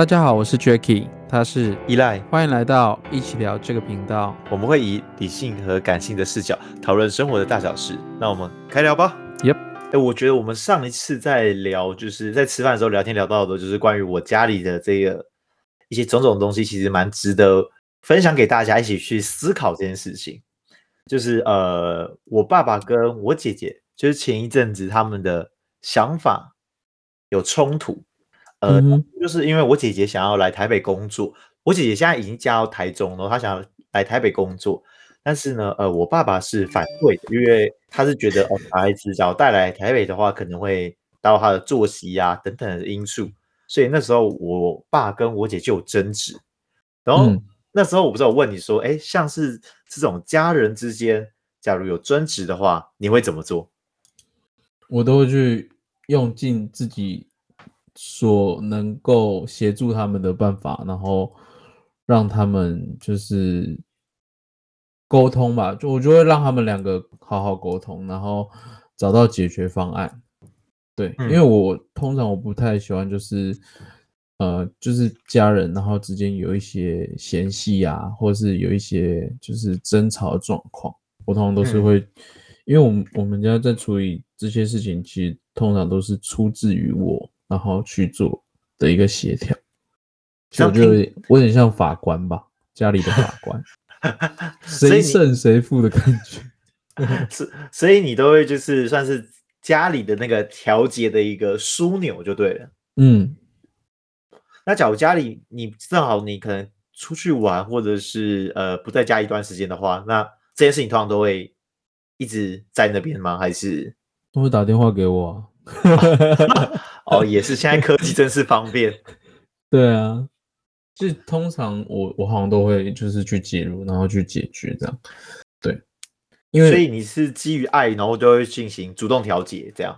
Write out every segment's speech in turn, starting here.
大家好，我是 j a c k i e，他是依賴，Eli, 歡迎來到一起聊這個頻道。我們會以理性和感性的視角討論生活的大小事。那我們開聊吧。Yep，哎，我覺得我們上一次在聊，就是在吃飯的時候聊天聊到的，就是關於我家裡的這個一些種種東西，其實蠻值得分享給大家一起去思考這件事情。就是呃，我爸爸跟我姐姐，就是前一陣子他們的想法有衝突。呃，就是因為我姐姐想要來台北工作，嗯、我姐姐現在已經嫁到台中了，然後她想要來台北工作，但是呢，呃，我爸爸是反對的，因為他是覺得哦，孩、呃、子要帶來台北的話，可能會到他的作息啊等等的因素，所以那時候我爸跟我姐就有爭執。然後、嗯、那時候我不知道，我問你說，哎、欸，像是這種家人之間假如有爭執的話，你會怎麼做？我都會去用盡自己所能夠協助他們的辦法，然後讓他們就是溝通吧，就我就會讓他們兩個好好溝通，然後找到解決方案。對，嗯、因為我通常我不太喜歡就是呃，就是家人然後之間有一些嫌隙呀、啊，或是有一些就是爭吵狀況，我通常都是會，嗯、因為我們我們家在處理這些事情，其實通常都是出自於我。然後去做的一個協調，我就有有點像法官吧，家裡的法官， 你誰勝誰負的感覺， 所以你都會就是算是家裡的那個調節的一個樞紐就對了，嗯。那假如家裡你正好你可能出去玩，或者是呃不在家一段時間的話，那這些事情通常都會一直在那邊嗎？還是都會打電話給我、啊？ 哦，也是，現在科技真是方便。 對啊，就通常我我好像都會就是去介入，然後去解決這樣。對，因為所以你是基於愛，然後就會進行主動調解這樣。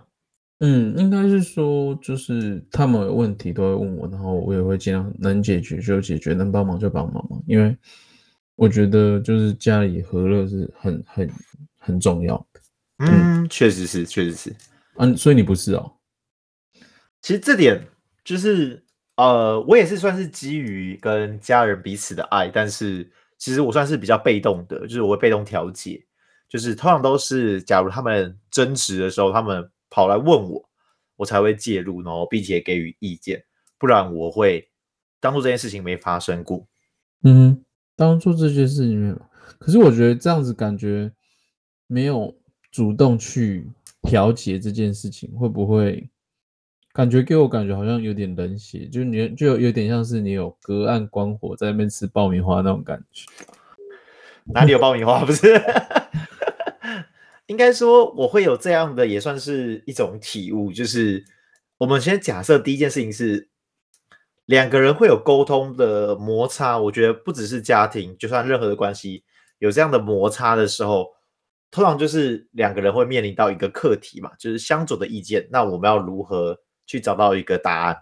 嗯，應該是說就是他們有問題都會問我，然後我也會盡量能解決就解決，能幫忙就幫忙嘛。因為我覺得就是家裡和樂是很很很重要的。嗯，確對實是，確實是。嗯、啊，所以你不是哦。其實這點就是，呃，我也是算是基於跟家人彼此的愛，但是其實我算是比較被動的，就是我會被動調解，就是通常都是假如他們爭執的時候，他們跑來問我，我才會介入，然後並且給予意見，不然我會當做這件事情沒發生過。嗯，當做這件事情沒有。可是我覺得這樣子感覺沒有主動去。調解這件事情會不會感覺給我感覺好像有點冷血？就你，就有點像是你有隔岸觀火，在那邊吃爆米花那種感覺。哪裡有爆米花？ 不是， 應該說，我會有這樣的，也算是一種體悟。就是我們先假設，第一件事情是兩個人會有溝通的摩擦。我覺得不只是家庭，就算任何的關係有這樣的摩擦的時候，通常就是兩個人會面臨到一個課題嘛，就是相左的意見，那我們要如何去找到一個答案？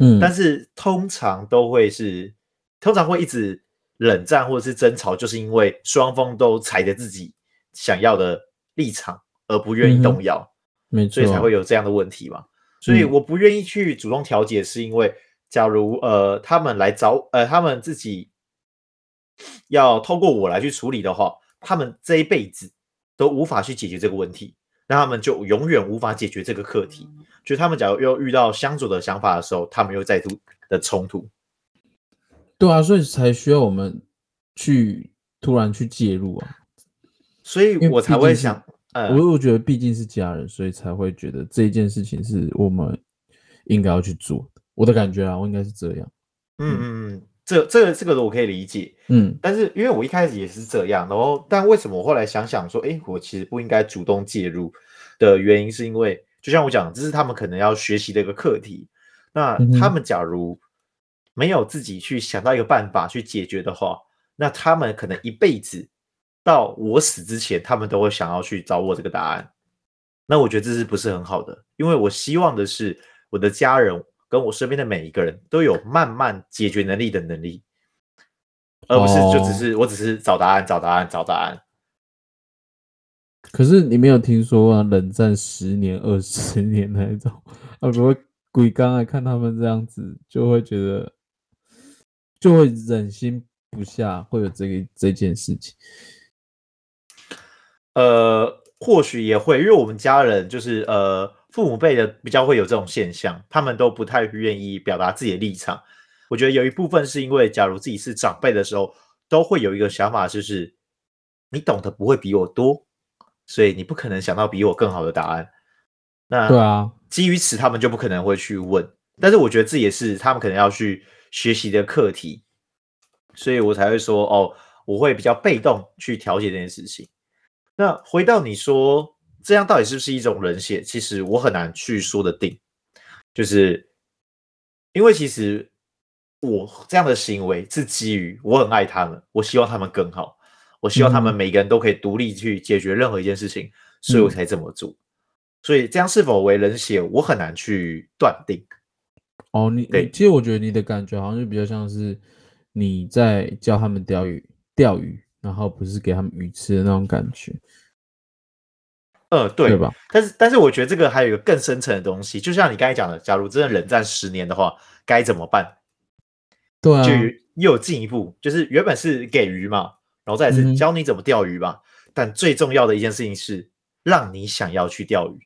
嗯，但是通常都會是通常會一直冷戰或者是爭吵，就是因為雙方都踩着自己想要的立場而不願意動搖，嗯、沒錯，所以才會有這樣的問題嘛。所以我不願意去主動調解，是因為、嗯、假如呃他們來找呃他們自己要透過我來去處理的話，他們這一輩子。都無法去解決這個問題，那他們就永遠無法解決這個課題。就、嗯嗯、他們假如又遇到相左的想法的時候，他們又再度的衝突。對啊，所以才需要我們去突然去介入啊。所以我才會想，呃，嗯嗯嗯我又覺得畢竟是家人，所以才會覺得這件事情是我們應該要去做。我的感覺啊，我應該是這樣。嗯嗯嗯。這、這個、這個我可以理解，嗯，但是因為我一開始也是這樣，然後、嗯，但為什麼我後來想想說，誒，我其實不應該主動介入的原因，是因為就像我講，這是他們可能要學習的一個課題。那他們假如沒有自己去想到一個辦法去解決的話，嗯嗯，那他們可能一輩子到我死之前，他們都會想要去找我這個答案。那我覺得這是不是很好的？因為我希望的是我的家人。跟我身邊的每一個人都有慢慢解決能力的能力，而不是就只是我只是找答案、找答案、找答案。哦，可是你沒有聽說啊，冷戰十年、二十年那一種？啊，我鬼剛才看他們這樣子，就會覺得就會忍心不下，會有這個這件事情。呃。或許也會，因為我們家人就是呃父母輩的比較會有這種現象，他們都不太願意表達自己的立場。我覺得有一部分是因為，假如自己是長輩的時候，都會有一個想法，就是你懂得不會比我多，所以你不可能想到比我更好的答案。那對啊，基於此，他們就不可能會去問。但是我覺得這也是他們可能要去學習的課題，所以我才會說，哦，我會比較被動去調解這件事情。那回到你說這樣到底是不是一種冷血？其實我很難去說得定，就是因為其實我這樣的行為是基於我很愛他們，我希望他們更好，我希望他們每個人都可以獨立去解決任何一件事情，嗯、所以我才這麼做。所以這樣是否為冷血，我很難去斷定。哦，你對，其實我覺得你的感覺好像就比較像是你在教他們釣魚，釣魚。然後不是給他們魚吃的那種感覺，呃，對，對吧？但是，但是我覺得這個還有一個更深層的東西，就像你剛才講的，假如真的冷戰十年的話，該怎麼辦？對啊，就又有進一步，就是原本是給魚嘛，然後再是教你怎麼釣魚吧。嗯哼。但最重要的一件事情是，讓你想要去釣魚，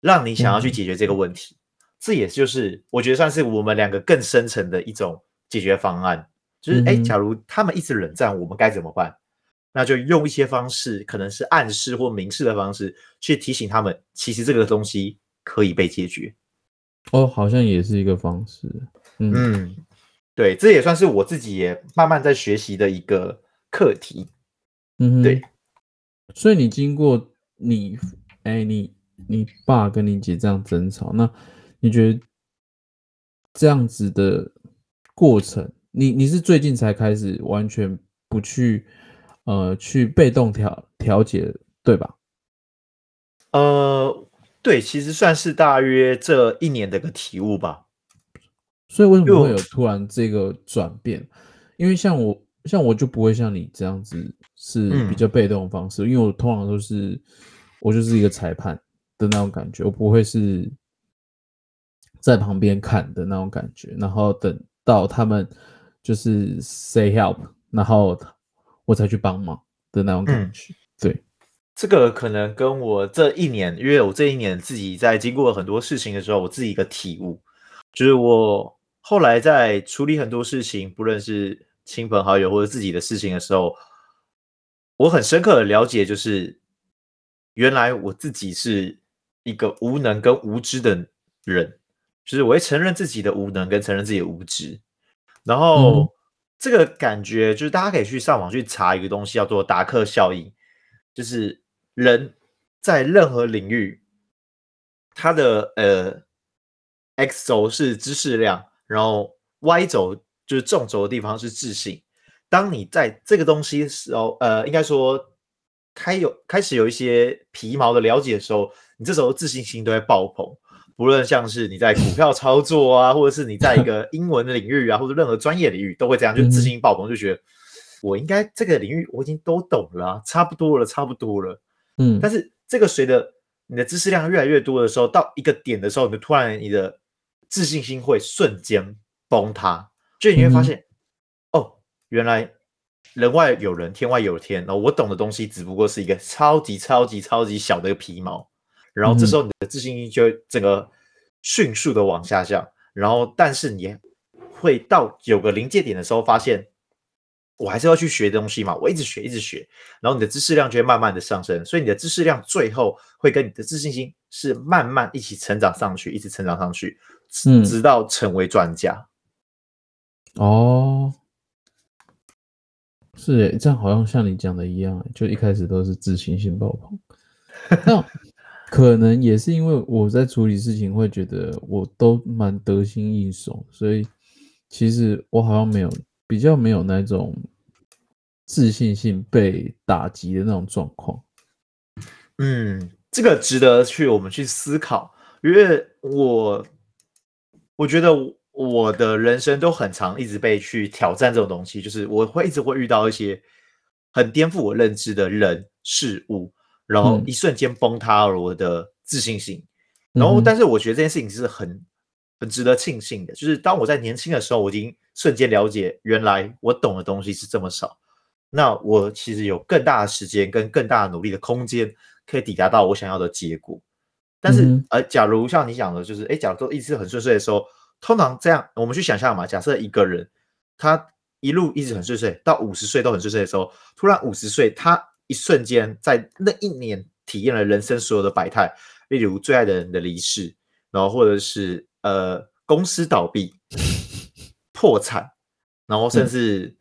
讓你想要去解決這個問題。嗯。這也就是我覺得算是我們兩個更深層的一種解決方案。就是哎，假如他們一直冷戰，嗯、哼我們該怎麼辦？那就用一些方式，可能是暗示或明示的方式，去提醒他們，其實這個東西可以被解決。哦，好像也是一個方式。嗯，嗯，對，這也算是我自己也慢慢在學習的一個課題。嗯哼，對。所以你經過你哎，你你爸跟你姐這樣爭吵，那你覺得這樣子的過程？你你是最近才開始完全不去，呃，去被動調調節，對吧？呃，對，其實算是大約這一年的一個體悟吧。所以為什麼會有突然這個轉變？因為像我，像我就不會像你這樣子，是比較被動的方式。嗯，因為我通常都是我就是一個裁判的那種感覺，我不會是在旁邊看的那種感覺，然後等到他們。就是 say help，然後我才去幫忙的那種感覺。嗯、對，這個可能跟我這一年，因為我這一年自己在經過很多事情的時候，我自己一個體悟，就是我後來在處理很多事情，不論是親朋好友或者自己的事情的時候，我很深刻的了解，就是原來我自己是一個無能跟無知的人，就是我會承認自己的無能跟承認自己的無知。然後這個感覺就是大家可以去上網去查一個東西，叫做達克效應，就是人在任何領域，他的呃 x 軸是知識量，然後 y 軸就是縱軸的地方是自信。當你在這個東西的時候，呃，應該說開有開始有一些皮毛的了解的時候，你這時候自信心都會爆棚。無論像是你在股票操作啊，或者是你在一個英文的領域啊，或者任何專業領域，都會這樣，就自信爆棚，就覺得我應該這個領域我已經都懂了，啊，差不多了，差不多了。嗯，但是這個隨着你的知識量越來越多的時候，到一個點的時候，你就突然你的自信心會瞬間崩塌，就你會發現，嗯、哦，原來人外有人，天外有天，哦，我懂的東西只不過是一個超級超級超級小的皮毛。然後這時候你的自信心就整個迅速的往下降，嗯、然後但是你會到有個臨界點的時候，發現我還是要去學東西嘛，我一直學一直學，然後你的知識量就會慢慢的上升，所以你的知識量最後會跟你的自信心是慢慢一起成長上去，一直成長上去，嗯、直到成為專家。哦，是耶，這樣好像像你講的一樣，就一開始都是自信心爆棚， 可能也是因為我在處理事情會覺得我都蠻得心應手，所以其實我好像沒有比較沒有那種自信心被打擊的那種狀況。嗯，這個值得去我們去思考，因為我我覺得我的人生都很常，一直被去挑戰這種東西，就是我會一直會遇到一些很顛覆我認知的人事物。然後一瞬間崩塌了我的自信心，然後但是我覺得這件事情是很很值得慶幸的，就是當我在年輕的時候，我已經瞬間了解原來我懂的東西是這麼少，那我其實有更大的時間跟更大的努力的空間，可以抵達到我想要的結果。但是呃，假如像你講的，就是誒假如說一直很順遂的時候，通常這樣我們去想象嘛，假設一個人他一路一直很順遂，到五十歲都很順遂的時候，突然五十歲他。一瞬間，在那一年體驗了人生所有的百態，例如最愛的人的離世，然後或者是呃公司倒閉、破產，然後甚至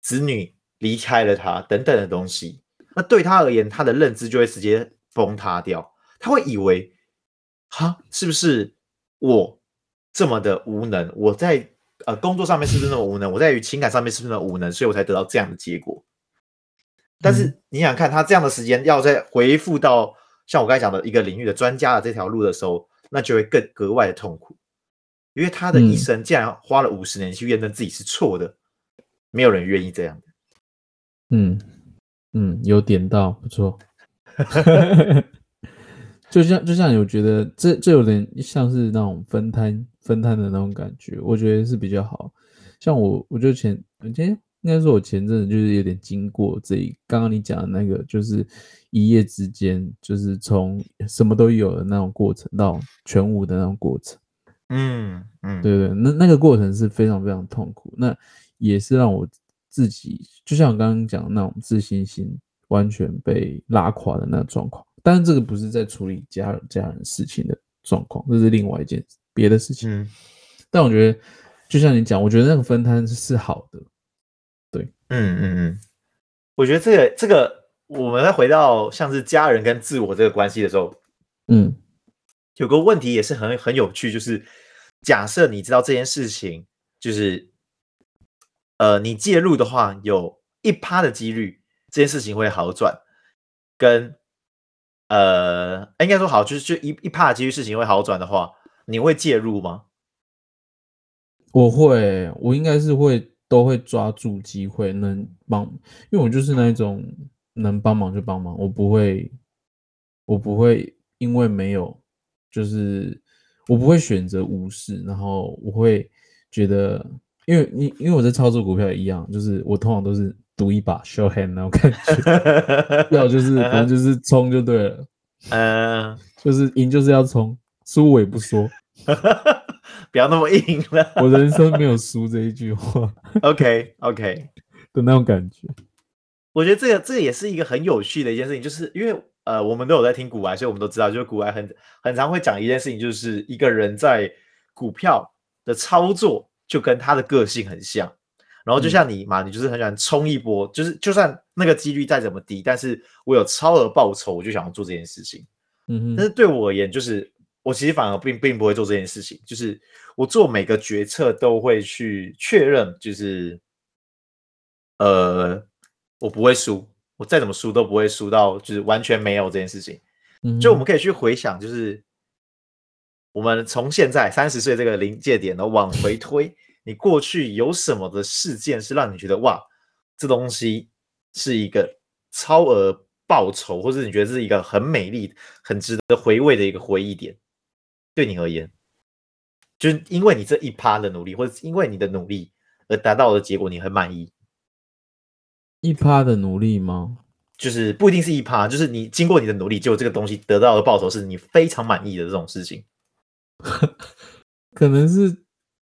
子女離開了他等等的東西。嗯。那對他而言，他的認知就會直接崩塌掉。他會以為，哈，是不是我這麼的無能？我在呃工作上面是不是那麼無能？我在情感上面是不是那麼無能？所以我才得到這樣的結果。但是你想想看，他這樣的時間，要再回復到像我剛才講的一個領域的專家的這條路的時候，那就會更格外的痛苦，因為他的一生竟然花了五十年去驗證自己是錯的，沒有人願意這樣。嗯嗯，有點到不錯， 就像就像我覺得這這有點像是那種分攤分攤的那種感覺，我覺得是比較好像我我就前。應該說，我前陣子就是有點經過這一，剛剛你講的那個，就是一夜之間，就是從什麼都有的那種過程到全無的那種過程。嗯嗯，嗯對，對對，那那個過程是非常非常痛苦，那也是讓我自己就像我剛剛講的那種自信心完全被拉垮的那種狀況。當然，這個不是在處理家人家人事情的狀況，這是另外一件別的事情。嗯，但我覺得，就像你講，我覺得那個分攤是好的。對，嗯嗯嗯，我覺得這個這個，我們再回到像是家人跟自我這個關係的時候，嗯，有個問題也是很很有趣，就是假設你知道這件事情，就是呃，你介入的話，有一趴的幾率這件事情會好轉，跟呃，應該說好，就是就一一趴的幾率事情會好轉的話，你會介入嗎？我會，我應該是會。都會抓住機會，能幫，因為我就是那一種能幫忙就幫忙，我不會，我不會因為沒有，就是我不會選擇無視，然後我會覺得，因為你因為我在操作股票一樣，就是我通常都是賭一把，show hand 那種感覺，要 就是反正就是衝就對了，嗯， 就是贏就是要衝，輸我也不說。 不要那麼硬了。我人生沒有輸這一句話。 OK OK 的那種感覺，我覺得這個這個也是一個很有趣的一件事情，就是因為呃我們都有在聽股癌，所以我們都知道，就是股癌很很常會講一件事情，就是一個人在股票的操作就跟他的個性很像。然後就像你嘛，你就是很想衝一波，就是就算那個幾率再怎麼低，但是我有超額報酬，我就想要做這件事情。嗯哼但是對我而言就是。我其實反而並並不會做這件事情，就是我做每個決策都會去確認，就是，呃，我不會輸，我再怎麼輸都不會輸到就是完全沒有這件事情。就我們可以去回想，就是我們從現在三十歲這個臨界點呢往回推， 你過去有什麼的事件是讓你覺得哇，這東西是一個超額報酬，或者你覺得是一個很美麗、很值得回味的一個回憶點。對你而言，就是因為你這一趴的努力，或者因為你的努力而達到的結果，你很滿意。一趴的努力嗎？就是不一定是一趴，就是你經過你的努力，就這個東西得到的報酬是你非常滿意的這種事情。 可能是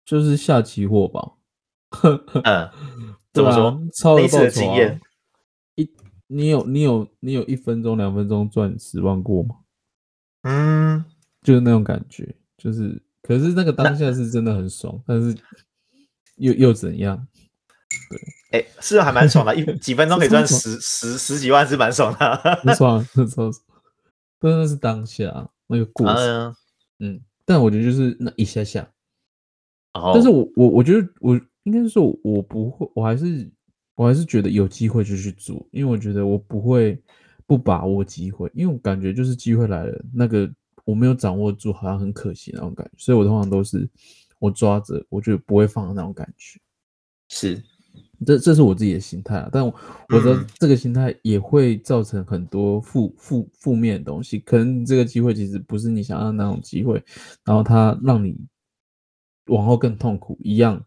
就是下期貨吧。 嗯，怎麼說？超額報酬啊、那次的經驗，你有你有你有一分鐘兩分鐘賺十萬過嗎？嗯。就是那種感覺，就是，可是那個當下是真的很爽，那但是又又怎樣？對，哎、欸，是的還蠻爽的，一 幾分鐘可以賺十 十十幾萬是蠻爽的，沒錯爽，沒錯， 不 但是那是當下那個過程，啊、嗯，但我覺得就是那一下下，哦、但是我我我覺得我應該是我不會，我還是我還是覺得有機會就去做，因為我覺得我不會不把握機會，因為我感覺就是機會來了那個。我沒有掌握住，好像很可惜那種感覺，所以我通常都是我抓着，我就不會放的那種感覺，是，這這是我自己的心態啊，但我我的這個心態也會造成很多負負負面的東西，可能這個機會其實不是你想要的那種機會，然後它讓你往後更痛苦一樣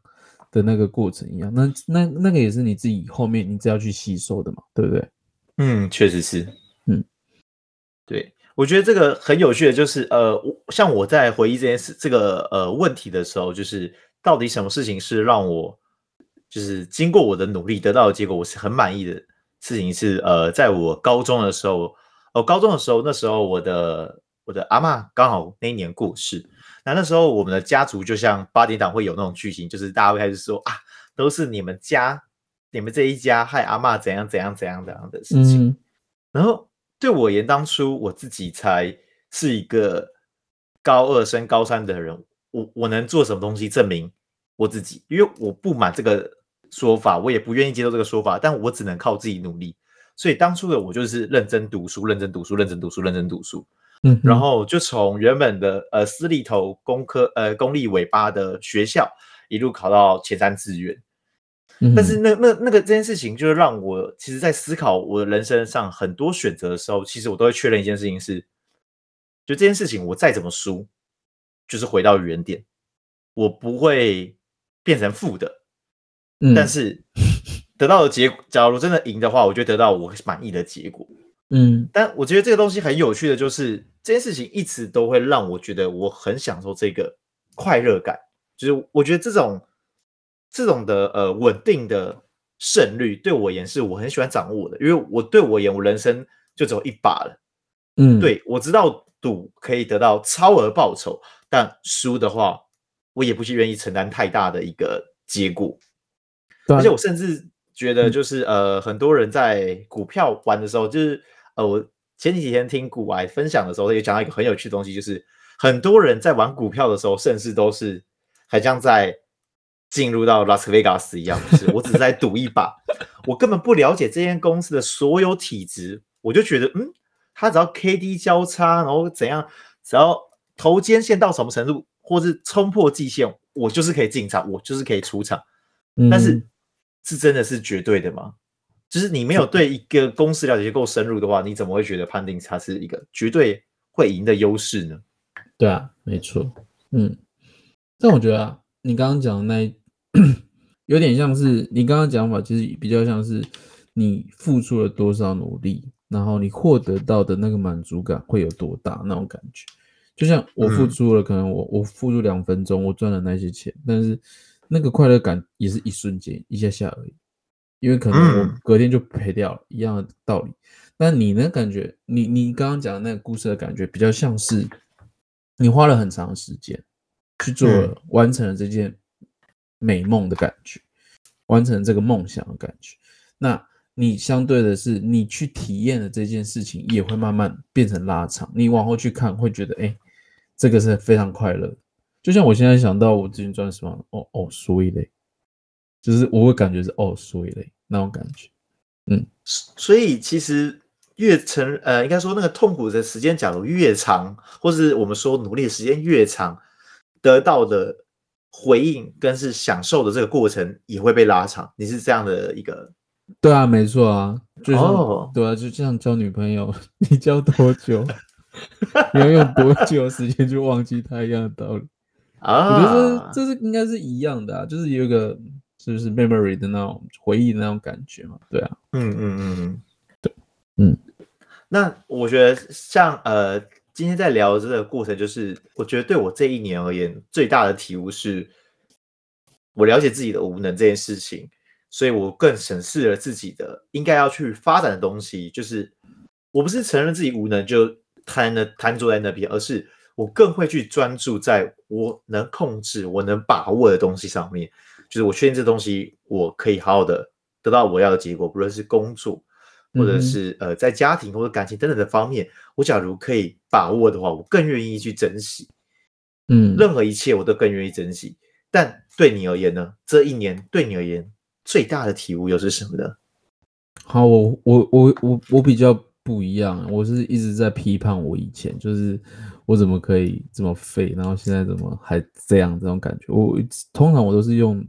的那個過程一樣，那那那個也是你自己後面你只要去吸收的嘛，對不對？嗯，確實是，嗯，對。我覺得這個很有趣的就是，呃，像我在回憶這件事，這個呃問題的時候，就是到底什麼事情是讓我，就是經過我的努力得到的結果，我是很滿意的事情是，呃，在我高中的時候，呃，高中的時候，那時候我的我的阿嬤剛好那一年過世，那那時候我們的家族就像八點檔會有那種劇情，就是大家會開始說啊，都是你們家、你們這一家害阿嬤怎樣怎樣怎樣怎樣的事情，嗯、然後。對我言，當初我自己才是一個高二升高三的人，我我能做什麼東西證明我自己？因為我不滿這個說法，我也不願意接受這個說法，但我只能靠自己努力。所以當初的我就是認真讀書，認真讀書，認真讀書，認真讀書。嗯哼，然後就從原本的呃私立頭工科呃公立尾巴的學校，一路考到前三志願。但是那那那個這件事情，就是讓我其實在思考我的人生上很多選擇的時候，其實我都會確認一件事情是，就這件事情我再怎麼輸，就是回到原點，我不會變成負的。嗯，但是得到的結果，假如真的贏的話，我就得到我滿意的結果。嗯，但我覺得這個東西很有趣的就是，這件事情一直都會讓我覺得我很享受這個快樂感，就是我覺得這種。這種的呃穩定的勝率對我而言是我很喜歡掌握的，因為我對我而言，我人生就只有一把了。嗯，對，我知道賭可以得到超額報酬，但輸的話我也不是願意承擔太大的一個結果。嗯、而且我甚至覺得就是呃很多人在股票玩的時候，嗯、就是呃我前幾天聽股癌分享的時候也講到一個很有趣的東西，就是很多人在玩股票的時候，甚至都是還像在。進入到拉斯維加斯一樣，就是我只是在賭一把， 我根本不了解這間公司的所有體質，我就覺得，嗯，他只要 K D 交叉，然後怎樣，只要頭肩線到什麼程度，或是衝破季線，我就是可以進場，我就是可以出場。嗯、但是是真的是絕對的嗎？就是你沒有對一個公司了解足夠深入的話，你怎麼會覺得判定它是一個絕對會贏的優勢呢？對啊，沒錯，嗯。但我覺得、啊、你剛剛講的那一。 有點像是你剛剛講法，其實比較像是你付出了多少努力，然後你獲得到的那個滿足感會有多大那種感覺。就像我付出了，嗯、可能我我付出兩分鐘，我賺了那些錢，但是那個快樂感也是一瞬間，一下下而已。因為可能我隔天就賠掉了，嗯、一樣的道理。但你那你呢？感覺你你剛剛講的那個故事的感覺，比較像是你花了很長時間去做了，完成了這件。美夢的感覺，完成這個夢想的感覺。那你相對的是，你去體驗的這件事情也會慢慢變成拉長。你往後去看，會覺得，哎、欸，這個是非常快樂。就像我現在想到我之前賺十萬，哦哦，所以嘞，就是我會感覺是哦，所以嘞，那種感覺，嗯，所以其實越成呃，應該說那個痛苦的時間，假如越長，或是我們說努力的時間越長，得到的。回應跟是享受的這個過程也會被拉長，你是這樣的一個，對啊，沒錯啊，就是、oh. 對啊，就這樣交女朋友，你交多久， 你要用多久時間去忘記她一樣的道理啊。Oh. 我覺得這是，這是應該是一樣的，啊，就是有一個就是，是 memory 的那種回憶的那種感覺嘛，對啊，嗯嗯嗯嗯，嗯嗯對，嗯，那我覺得像呃。今天在聊的這個過程，就是我覺得對我這一年而言，最大的體悟是我了解自己的無能這件事情，所以我更審視了自己的應該要去發展的東西。就是我不是承認自己無能就癱了癱坐在那邊，而是我更會去專注在我能控制、我能把握的東西上面。就是我確定這東西我可以好好的得到我要的結果，不論是工作。或者是呃，在家庭或者感情等等的方面，我假如可以把握的話，我更願意去珍惜。嗯，任何一切我都更願意珍惜。但對你而言呢？這一年對你而言最大的體悟又是什麼呢？好，我我我我我比較不一樣，我是一直在批判我以前，就是我怎麼可以這麼廢，然後現在怎麼還這樣這種感覺。我通常我都是用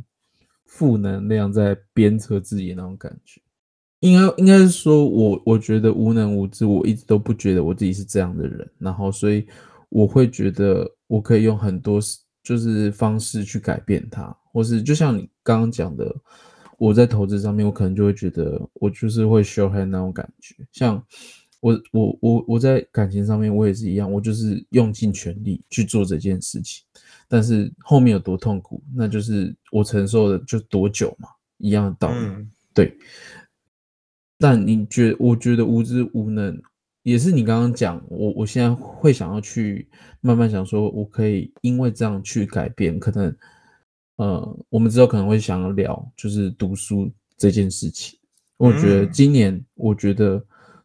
負能量在鞭策自己那種感覺。應該應該是說我，我我覺得無能無知，我一直都不覺得我自己是這樣的人。然後，所以我會覺得我可以用很多就是方式去改變它，或是就像你剛剛講的，我在投資上面，我可能就會覺得我就是會 show hand 那種感覺。像我我我我在感情上面，我也是一樣，我就是用盡全力去做這件事情，但是後面有多痛苦，那就是我承受的就多久嘛，一樣的道理。嗯、對。但你覺，我覺得無知無能，也是你剛剛講我，我現在會想要去慢慢想，說我可以因為這樣去改變。可能，呃，我們之後可能會想要聊，就是讀書這件事情。嗯、我覺得今年，我覺得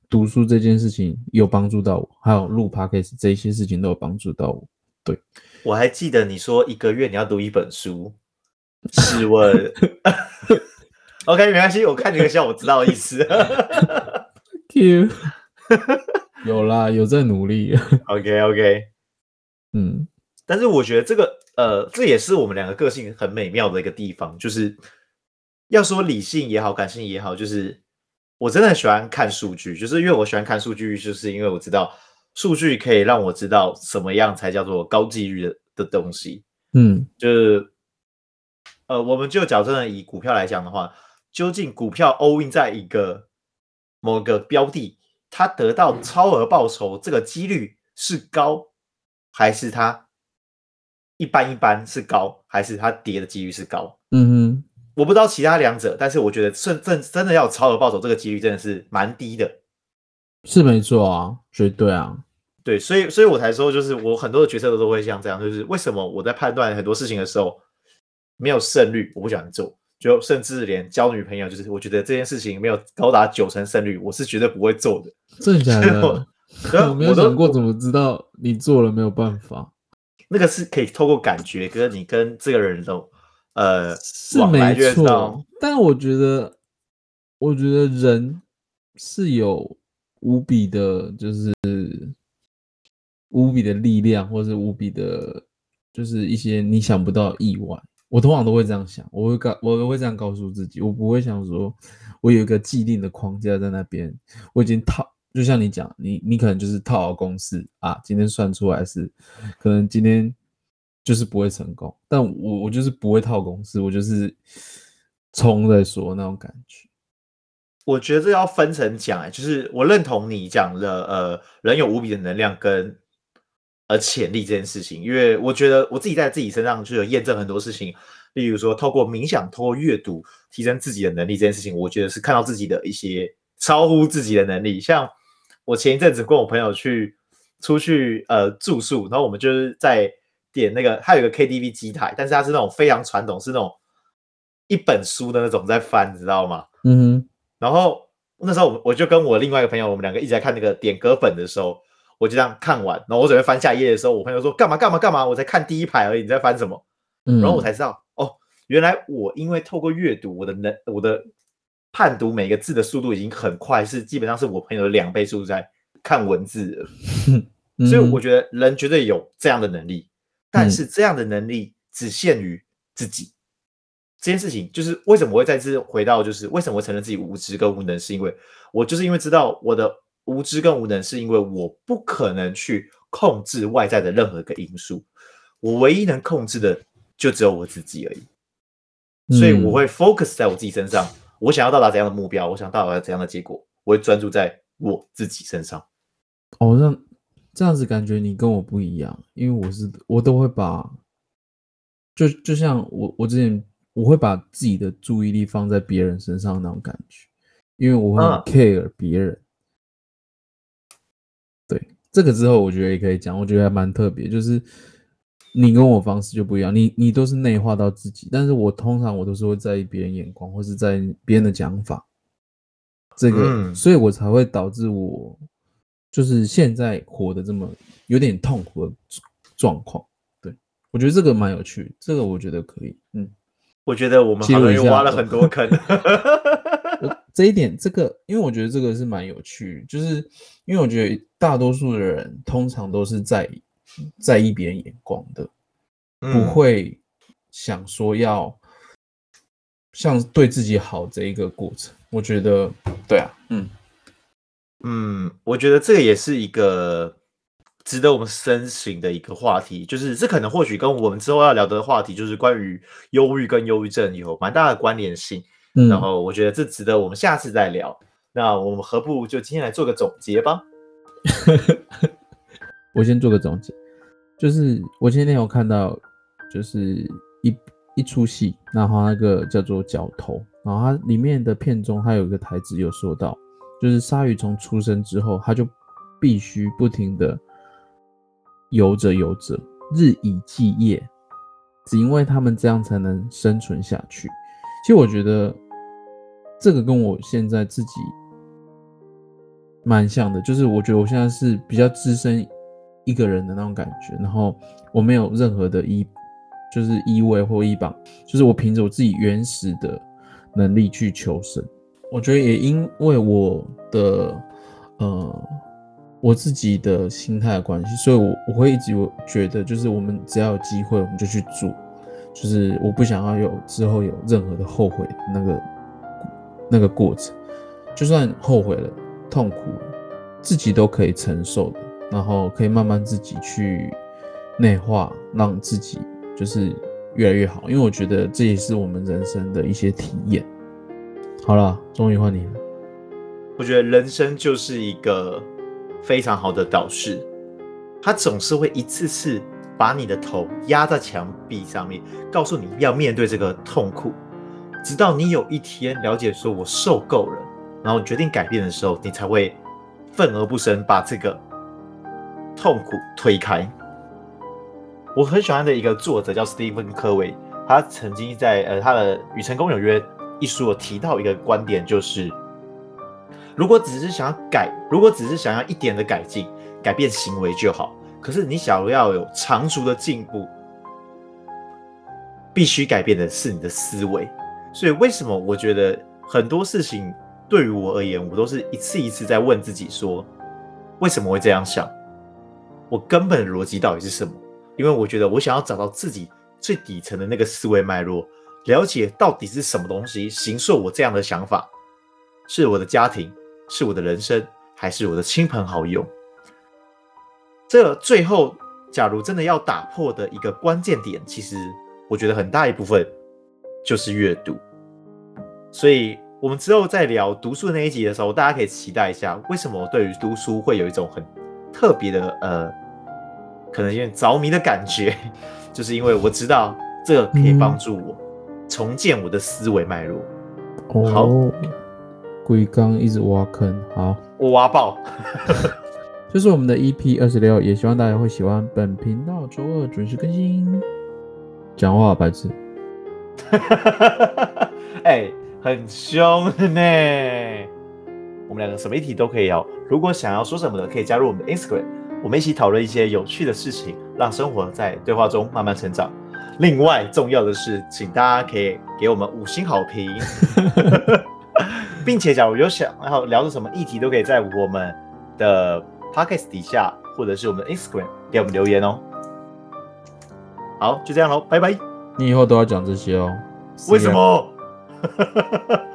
讀書這件事情有幫助到我，還有錄 podcast 這一些事情都有幫助到我。對，我還記得你說一個月你要讀一本書，試問。OK，沒關係，我看這個笑，我知道的意思。 Q 有啦，有在努力。 OK，OK，okay, okay. 嗯，但是我覺得這個，呃，這也是我們兩個個性很美妙的一個地方，就是要說理性也好，感性也好，就是我真的很喜歡看數據，就是因為我喜歡看數據，就是因為我知道數據可以讓我知道什麼樣才叫做高幾率的，的東西。嗯，就是，呃，我們就講真的，以股票來講的話。究竟股票 all in 在一個某一個標的，它得到超額報酬這個幾率是高，還是它一般一般是高，還是它跌的幾率是高？嗯哼，我不知道其他兩者，但是我覺得是真真的要超額報酬這個幾率真的是蠻低的，是沒錯啊，絕對啊，對，所以所以我才說，就是我很多的角色都都會像這樣，就是為什麼我在判斷很多事情的時候沒有勝率，我不喜歡做。就甚至連交女朋友，就是我覺得這件事情沒有高達九成勝率，我是絕對不會做的。真的假的， 我沒有想過，怎麼知道你做了沒有辦法？那個是可以透過感覺，跟你跟這個人都呃是沒錯，往來就知道。但我覺得，我覺得人是有無比的，就是無比的力量，或是無比的，就是一些你想不到的意外。我通常都會這樣想，我會告，我都會這樣告訴自己，我不會想說，我有一個既定的框架在那邊，我已經套，就像你講，你你可能就是套好公式啊，今天算出來是，可能今天就是不會成功，但我我就是不會套公式，我就是衝在說那種感覺。我覺得這要分成講，就是我認同你講的，呃，人有無比的能量跟而潛力這件事情，因為我覺得我自己在自己身上就有驗證很多事情，例如說透過冥想、透過閱讀提升自己的能力這件事情，我覺得是看到自己的一些超乎自己的能力。像我前一陣子跟我朋友去出去呃住宿，然後我們就是在點那個，它有一個 KTV 機台，但是它是那種非常傳統，是那種一本書的那種在翻，你知道嗎？嗯哼，然後那時候我我就跟我另外一個朋友，我們兩個一直在看那個點歌本的時候。我就這樣看完，然後我準備翻下一頁的時候，我朋友說：“幹嘛幹嘛干嘛？我在看第一排而已，你在翻什麼？”然後我才知道，嗯、哦，原來我因為透過閱讀，我的能，我的判讀每個字的速度已經很快，是基本上是我朋友的兩倍速度在看文字。嗯、 所以我覺得人絕對有這樣的能力，但是這樣的能力只限於自己。嗯、這件事情就是為什麼我會再次回到，就是為什麼我承認自己無知跟無能，是因為我就是因為知道我的。無知跟無能，是因為我不可能去控制外在的任何一個因素，我唯一能控制的就只有我自己而已。所以我會 focus 在我自己身上。嗯、我想要到達怎樣的目標？我想到達怎樣的結果？我會專注在我自己身上。哦，那這樣子感覺你跟我不一樣，因為我是我都會把，就就像我我之前我會把自己的注意力放在別人身上那種感覺，因為我很 care 別人。嗯這個之後我覺得也可以講，我覺得還蠻特別，就是你跟我方式就不一樣，你你都是內化到自己，但是我通常我都是會在意別人眼光或是在意別人的講法，這個，嗯、所以我才會導致我就是現在活得這麼有點痛苦的狀況。對，我覺得這個蠻有趣，這個我覺得可以，嗯，我覺得我們好像又挖了很多坑。 這一點，這個，因為我覺得這個是蠻有趣，就是因為我覺得大多數的人通常都是在在意別人眼光的，嗯、不會想說要像對自己好這一個過程。我覺得，對啊，嗯嗯，我覺得這個也是一個值得我們深省的一個話題，就是這可能或許跟我們之後要聊的話題，就是關於憂鬱跟憂鬱症有蠻大的關聯性。嗯、然後我覺得這值得我們下次再聊。那我們何不就今天來做個總結吧？ 我先做個總結，就是我今天有看到，就是一一出戲，然後那個叫做《角頭》，然後它裡面的片中，它有一個台詞有說到，就是鯊魚從出生之後，它就必須不停的游着游着，日以繼夜，只因為他們這樣才能生存下去。其實我覺得。這個跟我現在自己蠻像的，就是我覺得我現在是比較資深一個人的那種感覺，然後我沒有任何的依，就是依偎或依傍，就是我憑着我自己原始的能力去求生。我覺得也因為我的呃我自己的心態的關係，所以我我會一直覺得，就是我們只要有機會，我們就去做，就是我不想要有之後有任何的後悔那個，那個過程，就算後悔了、痛苦了，自己都可以承受的，然後可以慢慢自己去內化，讓自己就是越來越好。因為我覺得這也是我們人生的一些體驗。好了，終於換你了。我覺得人生就是一個非常好的導師，他總是會一次次把你的頭壓在牆壁上面，告訴你要面對這個痛苦。直到你有一天了解說“我受夠了”，然後決定改變的時候，你才會憤而不生，把這個痛苦推開。我很喜歡的一個作者叫史蒂芬·柯維，他曾經在呃他的《與成功有約》一書有提到一個觀點，就是如果只是想要改，如果只是想要一點的改進、改變行為就好，可是你想要有長足的進步，必須改變的是你的思維。所以，為什麼我覺得很多事情對於我而言，我都是一次一次在問自己說：說為什麼我會這樣想？我根本的邏輯到底是什麼？因為我覺得我想要找到自己最底層的那個思維脈絡，了解到底是什麼東西形塑我這樣的想法，是我的家庭，是我的人生，還是我的親朋好友？這最後，假如真的要打破的一個關鍵點，其實我覺得很大一部分。就是閱讀，所以我們之後在聊讀書那一集的時候，大家可以期待一下，為什麼我對於讀書會有一種很特別的呃，可能有點着迷的感覺， 就是因為我知道這個可以幫助我重建我的思維脈絡。嗯、好，哦、龜缸一直挖坑，好，我挖爆， 就是我們的 EP 二十六，也希望大家會喜歡本頻道，週二準時更新，講話白痴。哈，哎、 欸，很兇的呢。我們兩個什麼議題都可以哦。如果想要說什麼的，可以加入我們的 Instagram，我們一起討論一些有趣的事情，讓生活在對話中慢慢成長。另外，重要的是，請大家可以給我們五星好評， 並且，假如有想要聊的什麼議題，都可以在我們的 Podcast 底下或者是我們的 Instagram 給我們留言哦。好，就這樣嘍，拜拜。你以後都要講這些哦。為什麼？